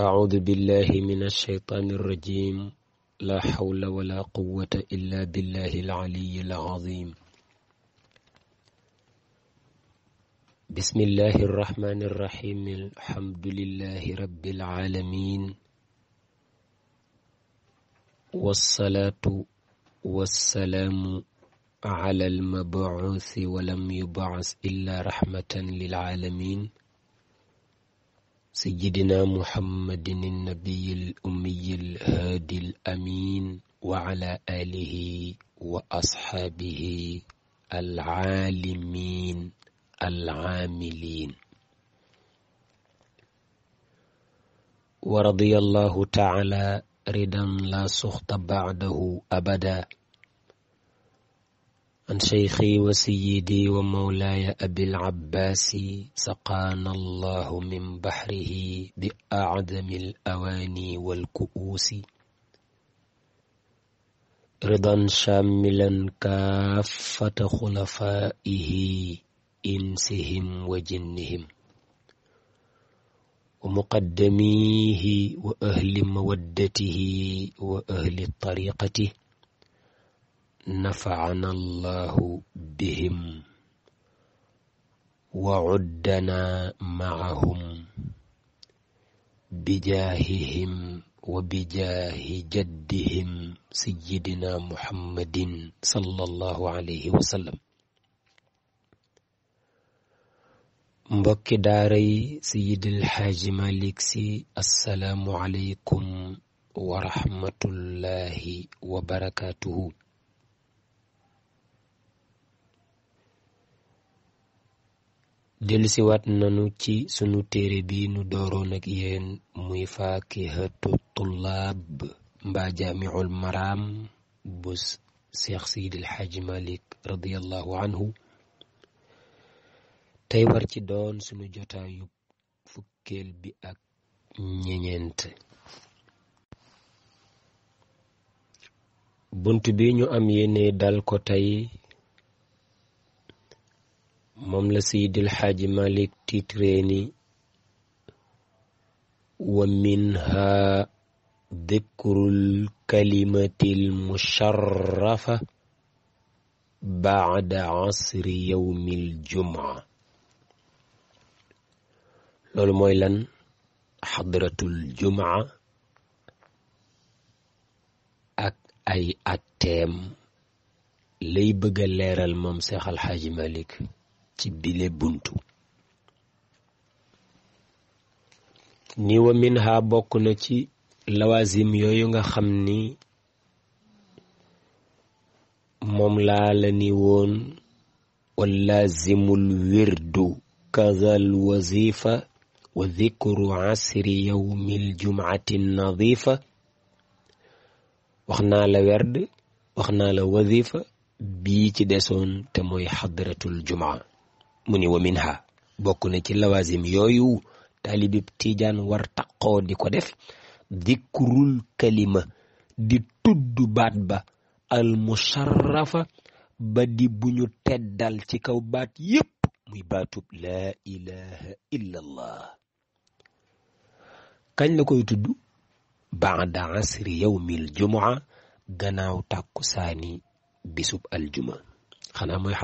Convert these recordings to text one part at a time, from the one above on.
أعوذ بالله من الشيطان الرجيم لا حول ولا قوة إلا بالله العلي العظيم بسم الله الرحمن الرحيم الحمد لله رب العالمين والصلاة والسلام على المبعوث ولم يبعث إلا رحمة للعالمين سيدنا محمد النبي الأمي الهادي الأمين وعلى آله وأصحابه العالمين العاملين ورضي الله تعالى رضا لا سخط بعده أبدا عن شيخي وسيدي ومولاي أبي العباس سقانا الله من بحره بأعدم الأواني والكؤوس رضا شاملا كافة خلفائه إنسهم وجنهم ومقدميه وأهل مودته وأهل طريقته نفعنا الله بهم وعدنا معهم بجاههم وبجاه جدهم سيدنا محمد صلى الله عليه وسلم مبك داري سيد الحاج مالك سي السلام عليكم ورحمة الله وبركاته dellusiwaat nanu ci sunu téere bi nu dooroon ak yéen muy faakihatu tullaab mbaa jaamiul maraam bu seex siydil xaaji malik radiallahu anhu tey war ci doon sunu jotaayu fukkeel bi ak ñeñeent bunt bi ñu am yéene dal ko tey moom la Seydil Xaaji Malik titré ni wa minha dikrul kalimatil musharrafa baada asri yawmil jumaa loolu mooy lan xadratul jumaa ak ay atteem lay bëgga leeral moom Seex Alxaaji Malik ci bile buntu ni minha bokk na ci lawazim yooyu nga xam ni moom laa la ni woon wallazimul wirdu kazal wazifa wa dhikru asri yawmil jum'ati nadifa wax naa la werd wax naa la wazifa bii ci desoon te mooy xadratul jumaa mu ni wa minha bokk na ci lawazim yooyu taalibib tiijan war taqoo di ko def dikrul kalima di tudd baat ba al musharrafa ba di bu ñu teddal ci kaw baat yépp muy baatu laa ilaha kañ la koy tudd baada asri yawmil jumaa gannaaw tàkkusaani bisub aljuma xanaa mooy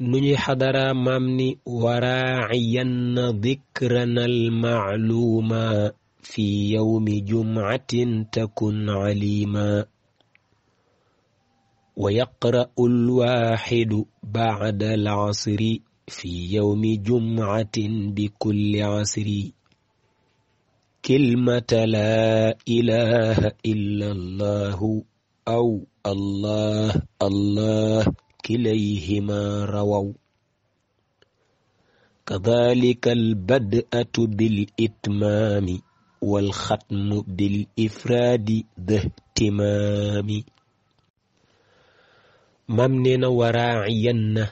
نني حضر مامني وراعيا ذكرنا المعلوم في يوم جمعة تكن عليما ويقرأ الواحد بعد العصر في يوم جمعة بكل عصر كلمة لا إله إلا الله أو الله الله كليهما رووا كذلك البدءة بالإتمام والختم بالإفراد ذا اهتمام mam nee na waraayan na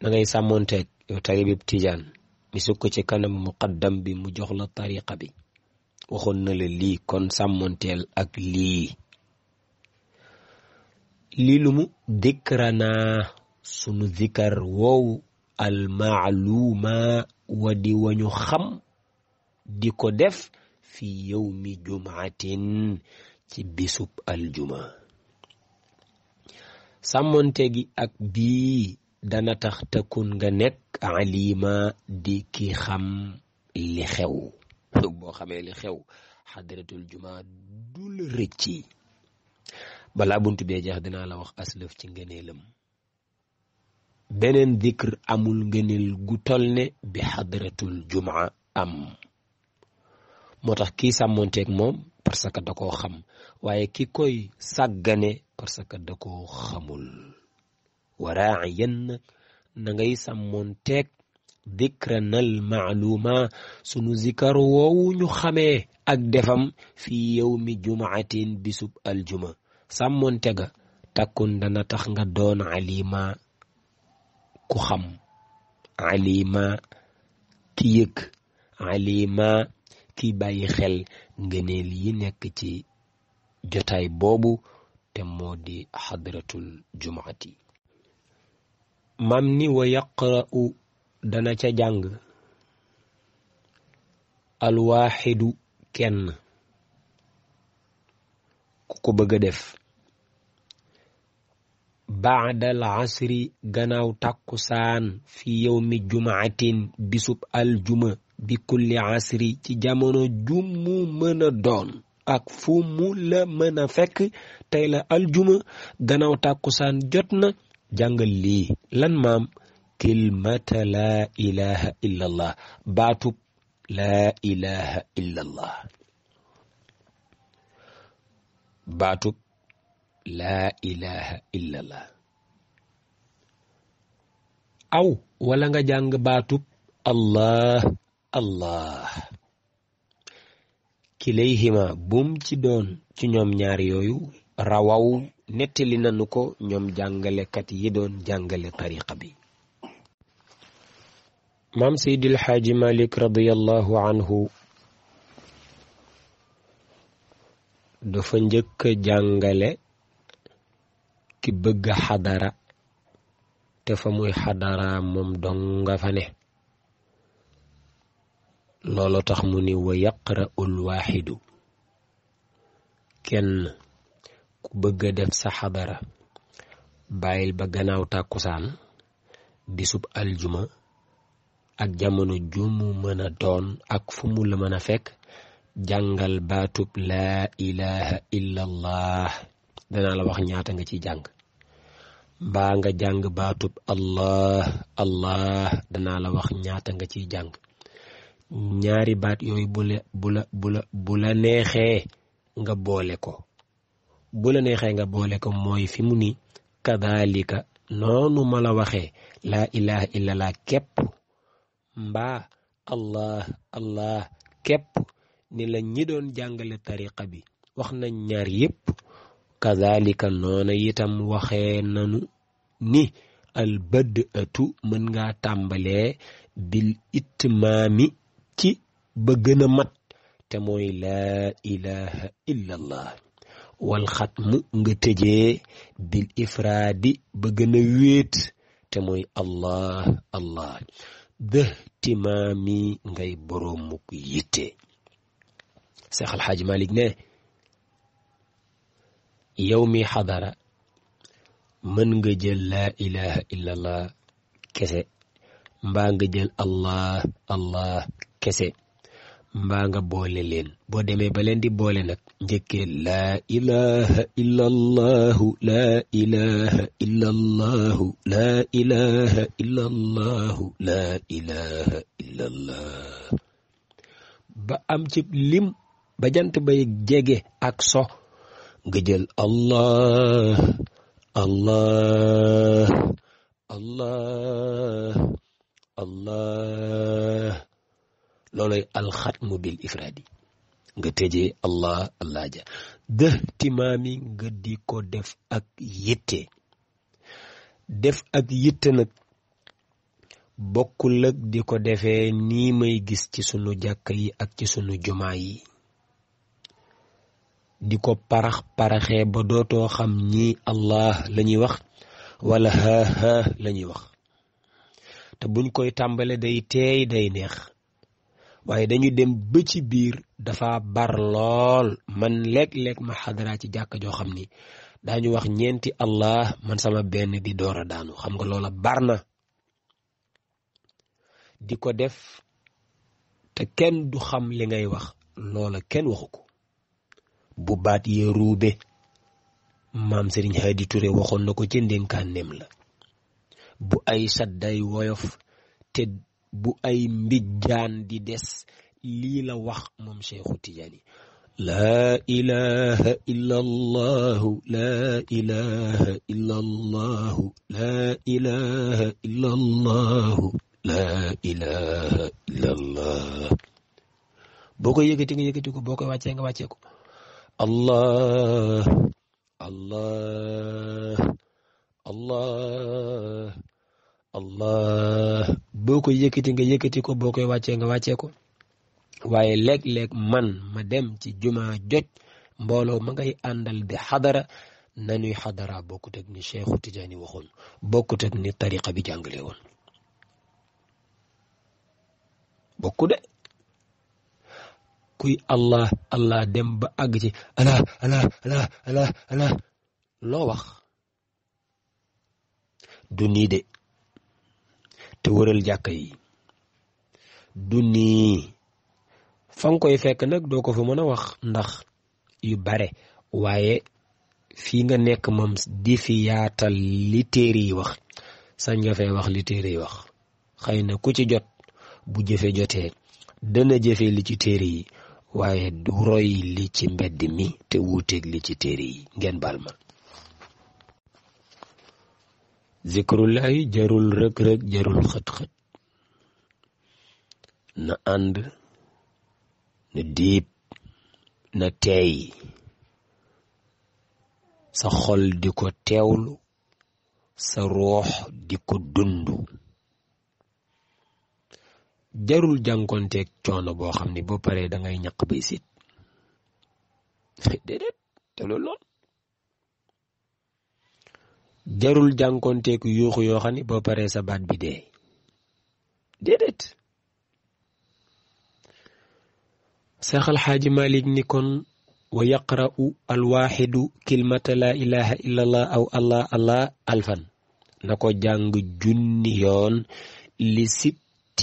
da ngay sàmmonteeg yow taribib tijaan mi sukk ci kanam muqaddam bi mu jox la tariqa bi waxoon na la lii kon sàmmonteel ak lii lii lu mu dikranaa sunu zikar woowu almaaluuma wa di wañu xam di ko def fi yawmi jumaatin ci bisub aljuma sàmmonte gi ak bi dana tax takun nga nekk alima di ki xam li xew boo xamee li xew xadratul juma du la rëcci balaa bunt bee jeex dinaa la wax aslëf ci ngëneelam beneen dikr amul ngëneel gu tol ne bi xadratul jumaa am moo tax kii sàmmonteeg moom parce que da koo xam waaye ki koy sàggane parce que da xamul waraaci yen nag na ngay sàmmonteeg sunu zikar woowu ñu xamee ak defam fi yawmi jumaatin bisub aljuma sàmmoonte ga takkun dana tax nga doon alima ku xam alima ki yëg alima ki bàyyi xel ngëneel yi nekk ci jotaay boobu te moo di xadratul jumaati mam ni wa yaqra'u dana ca jàng alwaaxidu kenn ku ko bëgg a def baadal asri gannaaw tàkkusaan fi yawmi jumaatin bisub aljuma bi kulli asri ci jamono jummu mën doon ak fu la mëna fekk tey la aljuma gannaaw tàkkusaan jot na jàngal lii lan maam kilmata laa ilaha illa allah baatub laa ilaha aw wala nga jàng baatub allah allah kilayhima bum ci doon ci ñoom ñaar yooyu rawaw nettali nanu ko ñoom jàngalekat yi doon jàngale tariqa bi maam seydil xaaji malik radiyallahu anhu dafa njëkk jàngale ki bëgg xadara te fa muy xadara moom dong nga fa ne loolu tax mu ni wa yaqra'ul waaxidu kenn ku bëgg def sa xadara bàyyil ba gannaaw tàkkusaan bisub aljuma ak jamono jumu mën a doon ak fu mu la mën a fekk Janggal batub la ilaha illallah dana la wax ñaata nga ci jang ba nga jang batub allah allah dana la wax ñaata nga ci jang ñaari bat yoy bula bula bula bula bu nga bolé ko bula la nga bolé ko moy fi mu ni kadalika mala ma la ilaha illallah képp allah allah kep ni la ñi doon jàngale tariqa bi wax nañ ñaar yépp kazalika noona itam waxee nanu ni al bëdd mën nga tàmbale bil itmaami ci ba gën mat te mooy laa ilaha illa allah wal xatmu nga tëjee bil ifraadi ba gën a wéet te mooy allah allah dëhtimaami ngay boroomuk yitte Seex Al Malik ne yow mi xadara mën nga jël laa ilaha illa kese mbaa nga jël allah allah kese mbaa nga boole leen boo demee ba leen di boole nag njëkkee laa ilaha illa allahu laa ilaha illa allahu laa ba am ci lim ba jant bay jege ak so nga jël allah allah allah allah looloy alxatmu bil ifraadi nga tëjee allah allah ja dë timaami nga di ko def ak yitte def ak yitte nag bokkul ak di ko defee nii may gis ci sunu jàkk yi ak ci sunu jumaa yi di ko parax paraxé ba doto xam ñi allah lañuy wax wala ha ha lañuy wax te buñ koy tambalé day téy day neex waye dañu dem be ci biir dafa bar lol man lek lek ma hadra ci jakk jo xamni dañu wax ñenti allah man sama benn di doora daanu xam nga lola barna diko di ko def te kenn du xam li ngay wax lola kenn waxuko bu baat yee ruube maam sëriñ Hadi Touré waxoon na ko ca ndénkaaneem la bu ay sadday woyof te bu ay mbijjaan di des lii la wax moom Cheikhu Tijaani laa ilaha illa allahu laa ilaha illa laa ilaha laa ilaha boo koy yëkkati nga yëkkati ko boo koy wàccee nga wàccee ko Allah Allah Allah Allah boo ko yëkkati nga yëkkati ko boo koy wàccee nga wàccee ko waaye léeg-léeg man ma dem ci jumaa joj mbooloo ma ngay àndal di xadara nanuy xadara bokkut ak ni Cheikhu Tijaani waxoon bokkut ak ni tariqa bi jàngale woon bokku de kuy allah allah dem ba àgg ci allah allah loo wax du nii de te wëral jàkka yi du nii koy fekk nag doo ko fa mën a wax ndax yu bare waaye fii nga nekk moom di fi yaatal li téere yi wax sañ nga fay wax li téere yi wax xëy na ku ci jot bu jëfe jotee dana jëfe li ci téere yi waaye du roy li ci mbedd mi te wuuteeg li ci téere yi ngeen baal ma zikrullahi jarul rëg-rëg jarul xët-xët na ànd na diib na teey sa xol di ko teewlu sa roox di ko dund jarul jànkonteeg coono boo xam ne boo paree da ngay ñaq bay sit déedéet te loolu noonu jarul jànkonteeg yuuxu yoo xam ne boo paree sa baat bi dee déedéet seexal xaaji malik ni kon wa yaqra'u alwaaxidu kilmata la ilaha illa aw allah allah alfan na ko jàng junni yoon li sib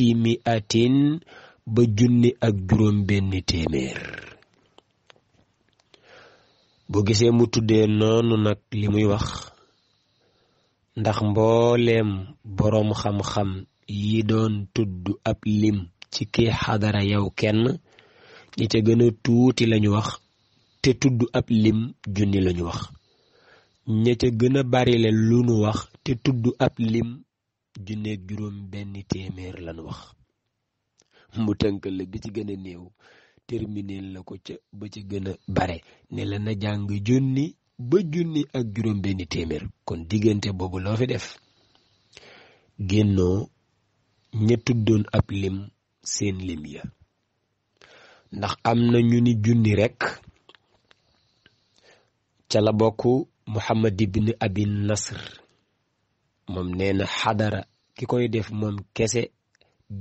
miatin ba junni ak juróom benn téeméer bu gisee mu tuddee noonu nag li muy wax ndax mbooleem boroom xamxam yi doon tudd ab lim ci kii xadara yow kenn ñi ca gën tuuti lañu wax te tudd ab lim junni lañu wax ña ca gën a lu nu wax te tudd ab lim junneeg juróom benn téeméer lan wax mu tënkal la bi ci gën néew terminé la ko ca ba ci gën a bare ne la na jàng junni ba junni ak juróom benn téeméer kon diggante boobu loo fi def génnoo ña tuddoon ab lim seen lim ya ndax am na ñu ni junni rekk ca la bokk Muhammad ibn Abi Nasr moom nee na xadara ki koy def moom kese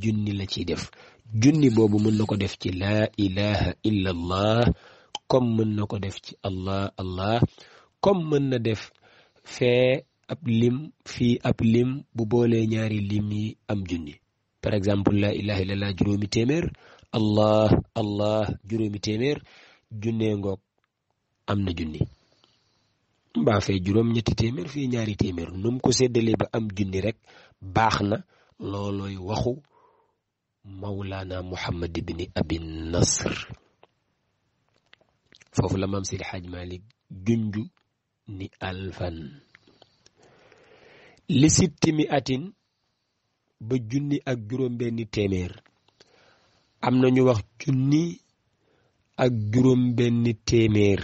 junni la ciy def junni boobu mën na ko def ci la ilaha illa allah comme mën na ko def ci allah allah comme mën na def fee ab lim fii ab lim bu boole ñaari lim am junni par exemple la ilaha illa allah juróomi téeméer allah allah juróomi téeméer junnee ngoog am na junni mbaa fay juróom ñetti téeméer fii ñaari téeméer nu ko séddalee ba am junni rekk baax na loolooy waxu mawlaana muhammad ibni abi foofu la maam Seydi Hadj Malick junj ni alfan li sittimi atin ba junni ak juróom benni téeméer am na ñu wax junni ak juróom benni téeméer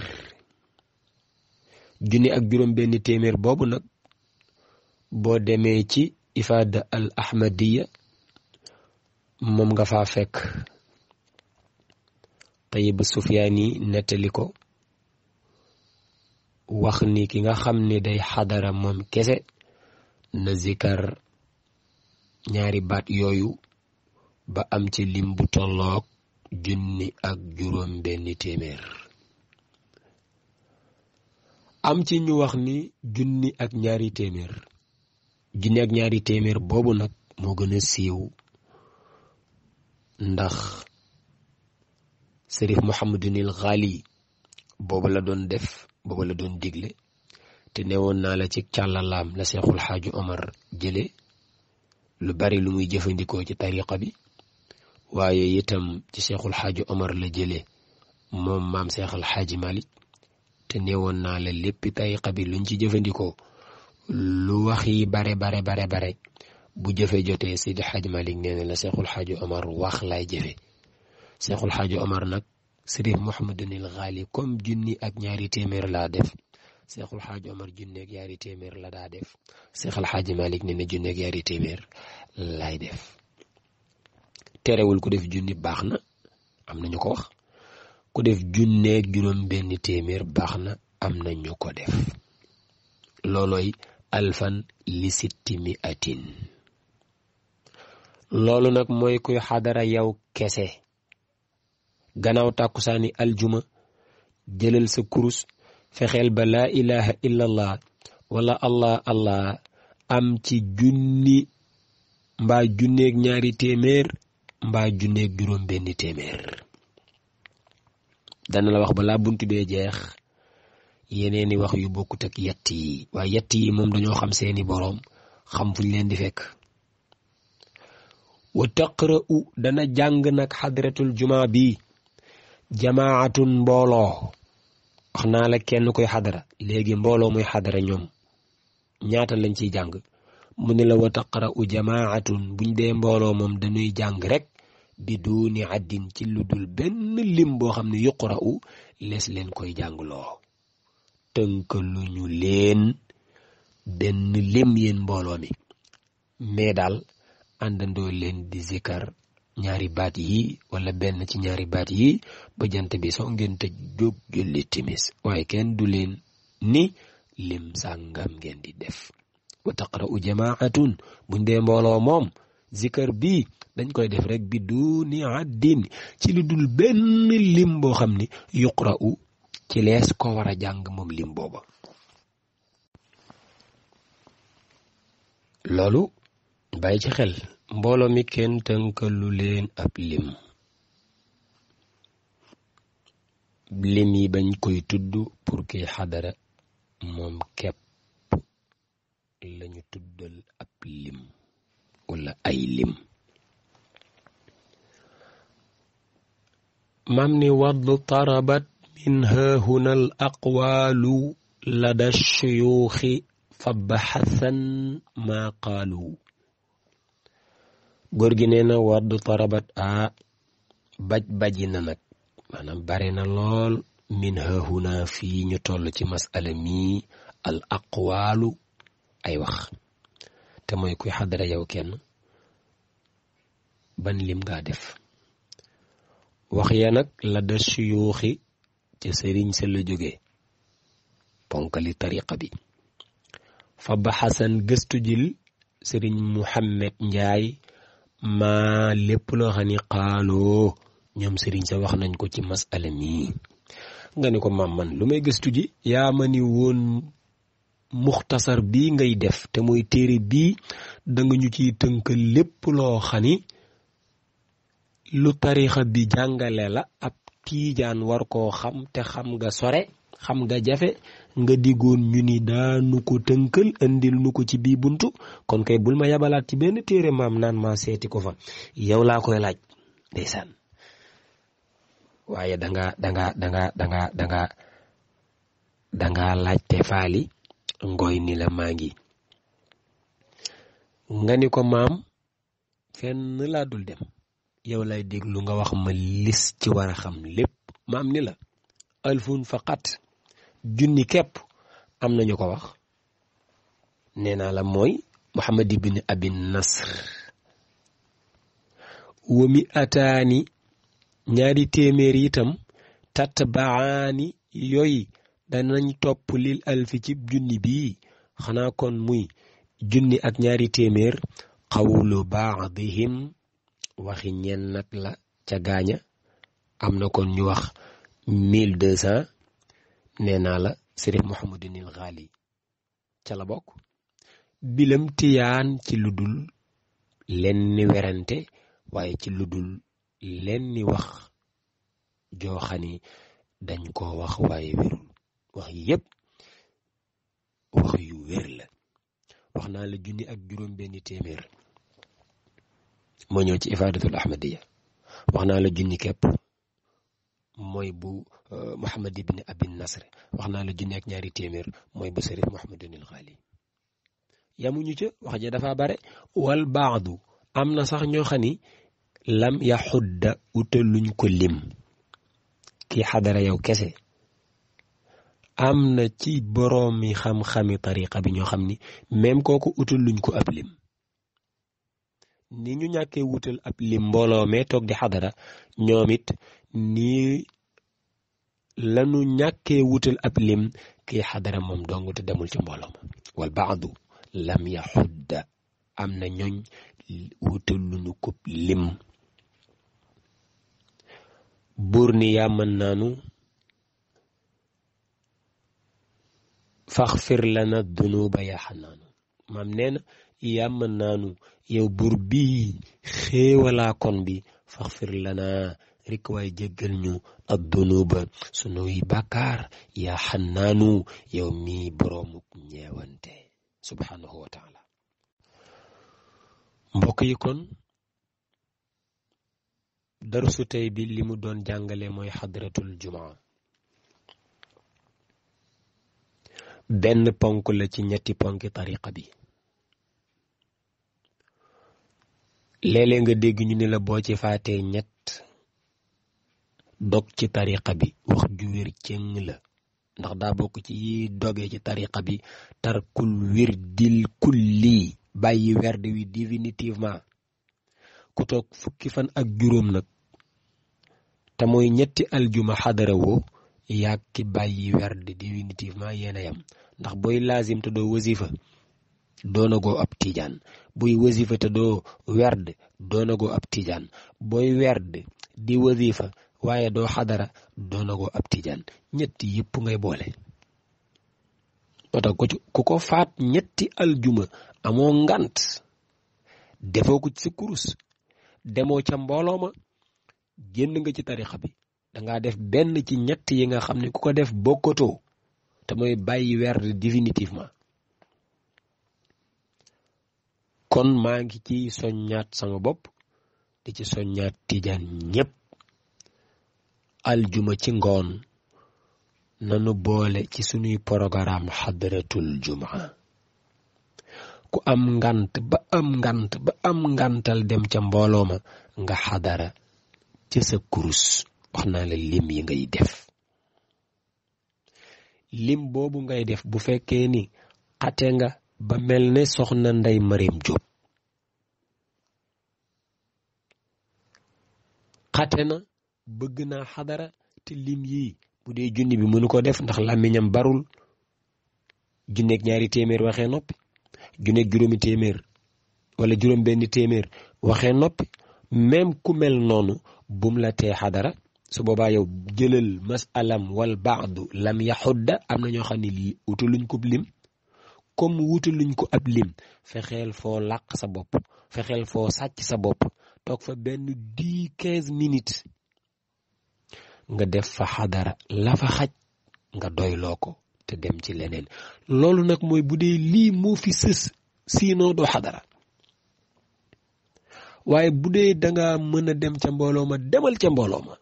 junni ak juróom benn téeméer boobu nag boo demee ci ifaada al ahmadiya moom nga fa fekk tayib sufyaani nettali ko wax ni ki nga xam ni day xadara moom kese na ñaari baat yooyu ba am ci lim bu tolloog junni ak juróom benn téeméer am ci ñu wax ni junni ak ñaari téeméer junni ak ñaari téeméer boobu nag moo gën a siiw ndax sërif Muhammadunil Ghali boobu la doon def boobu la doon digle te woon naa la ci càllalaam la Seexul Xaaju Omar jële lu bari lu muy jëfandikoo ci tariqa bi waaye itam ci Seexul Xaaju Omar la jële moom maam Seexal Xaaji Malik te newon na la lépp tay bi luñ ci jëfëndiko lu wax yi bare bare bare bare bu jëfe jotee sid hajj Malik neena la cheikhul hajj Omar wax lay jëfe cheikhul hajj Omar nak sirif Sërif Muhammadunil ghali comme jinni ak ñaari témèr la def cheikhul hajj Omar jinne ak ñaari témèr la da def cheikhul hajj Malik neena jinne ak ñaari témèr lay def terewul ku def jinni baxna amna am ñu ko wax ku def junneeg juróom benn téeméer baax na am na ñu ko def loolooy alfan li sittimi atin loolu nag mooy kuy xadara yow kese gannaaw tàkku tàkkusaani aljuma jëlal sa kurus fexeel ba laa ilaha illallah wala allah allah am ci junni mbaa junneeg ñaari téeméer mbaa junneeg juróom benn téeméer dana la wax balaa buntu bee jeex yeneeni wax yu bokkut ak yett yi waaye yett yi moom dañoo xam seeni boroom xam fuñ leen di fekk wa taqra'u dana jàng nag xadratul jumaa bi jamaatun mbooloo wax naa la kenn koy xadara léegi mbooloo muy xadara ñoom ñaata lañ ciy jàng mu ne la wa taqra'u jamaatun buñ dee mbooloo moom dañuy jàng rek bi duuni àddin ci lu dul benn lim boo xam ne yuqra'u lees leen koy lu tënkaluñu leen benn lim yéen mbooloo mi mais daal àndandoo leen di zikar ñaari baat yi wala benn ci ñaari baat yi ba bi soo ngeen tëj jóg julli timis waaye kenn du leen ni lim sàngam ngeen di def wa taqra'u jamaatun buñ dee mbooloo moom zikar bi dañ koy def rekk bi duuni addin ci lu dul benn lim boo xam ni yuqra'u ci lees ko war a jàng moom lim booba loolu bàyyi ci xel mbooloo mi kenn tënkalu leen ab lim lim yi bañ koy tudd pour kiy xadara moom kepp lañu tuddal ab lim wala ay lim maam ni wadd tarabat min haahuna al aqwaalu lada shuyuuxi fa baxasan maa qaalu góor gi nee na wadd tarabat a baj baji na nag maanaam bare na lool min haahuna fii ñu toll ci masala mii al aqwaalu ay wax te mooy kuy xadara yow kenn ban lim ngaa def wax ya nag la da suyuuxi ca sëriñ sa la jógee ponkali tariqa bi fa baxasan gëstu jil sëriñ Muhammed Njaay maa lépp loo xam xaaloo ñoom sëriñ sa wax nañ ko ci masala mii nga ni ko maam man lu may gëstu yaa ma ni woon muxtasar bi ngay def te muy téere bi da nga ñu ciy tënk lépp loo xani lu tariixa bi jàngale la ab tiijaan war koo xam te xam nga sore xam nga jafe nga digoon ñu ni daanu ko tënkal andil nu ko ci bii buntu kon kay bul ma yabalaat ci benn téere maam naan maa seeti ko fa yow laa koy laaj ndeysaan waaye danga danga danga danga danga danga laajte faali ngoy ni la maa ngi nga ni ko maam fenn laa dul dem yow lay déglu nga wax ma lis ci war xam lépp maam ni la alfun faqat junni képp am nañu ko wax nee naa la mooy muhammad ibn abi nasr wa mi ataani ñaari téeméer itam tatt baani yooyu danañ topp lil alfi ci junni bii xanaa kon muy junni ak ñaari téeméer xawlu baadihim waxi ñenn nag la ca gaaña am na kon ñu wax mille deux cent nee naa la sërif Muhammadinil Ghali ca la bokk bilam tiyaan ci lu dul werante waaye ci lu dul lenn wax jooxani dañ ko wax waaye wérul وخيب وخيو ويرلا وخنا لا جوني اك تيمير مونيوتي افاده الاحمديه وخنا لا جوني كيب موي بو آه، محمد بن ابي النصر وخنا لا جوني اك نياري تيمير موي بو سيريف محمد بن الغالي يا مونيوتي تي واخ جا باري والبعض امنا صاح نيو خاني لم يحد اوتلوني كليم كي حضر يو كسي am na ci boroomi xam-xami tariqa bi ñoo xam ni même kooku utal luñ ko ab lim ni ñu ñàkkee wutal ab lim mbooloo mee toog di xadara ñoom it nii lanu ñàkkee wutal ab lim kii xadara moom dong te demul ci mbooloo ma wal baadu lam yaxudda am na ñooñ wutal luñu ko lim burniya mën naanu faxfir lana dunuba yaa xanaanu maam nee na naanu yow buur bi xéewalaa bi faxfir lana rek waaye jéggal ñu ak dunuba sunuy bàkkaar yaa xanaanu yow mii boroomuk ñeewante subhaanahu wa taala mbokk yi kon darusu tey bi li mu doon jàngale mooy xadratul jumaa benn ponk la ci ñetti ponki tariqa bi léeg nga dégg ñu ni la boo ci faatee ñett dog ci tariqa bi wax ju wér cëng la ndax daa bokk ci yi doge ci tariqa bi tarkul wir dil kulli bàyyi werd wi définitivement ku toog fukki fan ak juróom nag te mooy ñetti aljuma xadara woo yàgg ki bàyyi werd définitivement yéen a yam ndax booy laazim te doo wasifa doonagoo ab tiijaan buy wasifa te doo werd ab tiijaan booy werd di wasifa waaye doo xadara doonagoo ab tiijaan ñetti yëpp ngay boole moo tax ku ko faat ñetti aljuma amoo ngant defoo ko ci demoo ca mbooloo ma génn nga ci tarixa bi dangaa def benn ci ñett yi nga xam ne ku ko def bokkatoo te mooy bàyyi werd définitivement kon maa ngi ci soññaat sama bopp di ci soññaat tijaan ñépp aljuma ci ngoon nanu boole ci sunuy programme xadratul jumaa ku am ngant am ngant ba am ngantal dem ca mbooloo ma nga xadara ca sa kurus wax naa la lim yi ngay def lim boobu ngay def bu fekkee ni xate nga ba mel ne soxna Ndey Mareem Jóob xate na bëgg naa xadara te lim yii bu dee junni bi mënu ko def ndax làmmiñam barul junneeg ñaari téeméer waxee noppi junneeg juróomi téeméer wala juróom benn téeméer waxee noppi même ku mel noonu bum la tee xadara su boobaa yow jëlal masalam wal baadu lam yaxudda am na ñoo xam ne lii wutaluñ ko lim comme wutaluñ ko ab lim fexeel foo làq sa bopp fexeel foo sàcc sa bopp toog fa benn dix quinze nga def fa xadara la fa xaj nga doyloo ko te dem ci leneen loolu nag mooy bu dee lii moo fi sës sinon doo xadara waaye bu dee danga nga mën a dem ca mbooloo ma demal ca mbooloo ma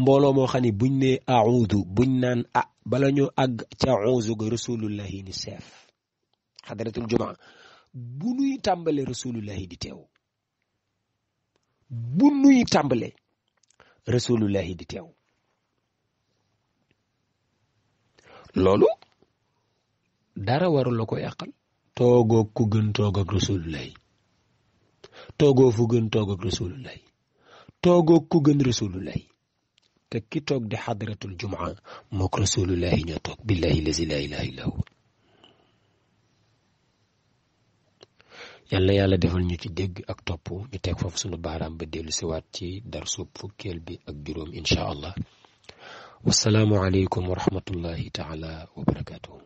mbooloo moo xam ne buñ ne aawudu buñ naan ah bala ñu àgg ca aawudu ga rasulullahi ni seef xadaratul jumaa bu nuy tàmbale rasulullahi di teew bu nuy tàmbale rasulullahi di teew loolu dara warul la ko yàqal toogoo ku gën toog ak rasulullahi toogoo fu gën toog ak gën rasulullahi te ki toog di xadaratul jumaa mook rasulullahi ñoo toog billahi lazi la ilaha illa hu yàlla defal ñu ci dégg ak topp ñu teg foofu sunu baaraam ba dellu siwaat ci darsu fukkeel bi ak juróom incha allah wasalaamu aleykum wa rahmatullahi wa barakatuhu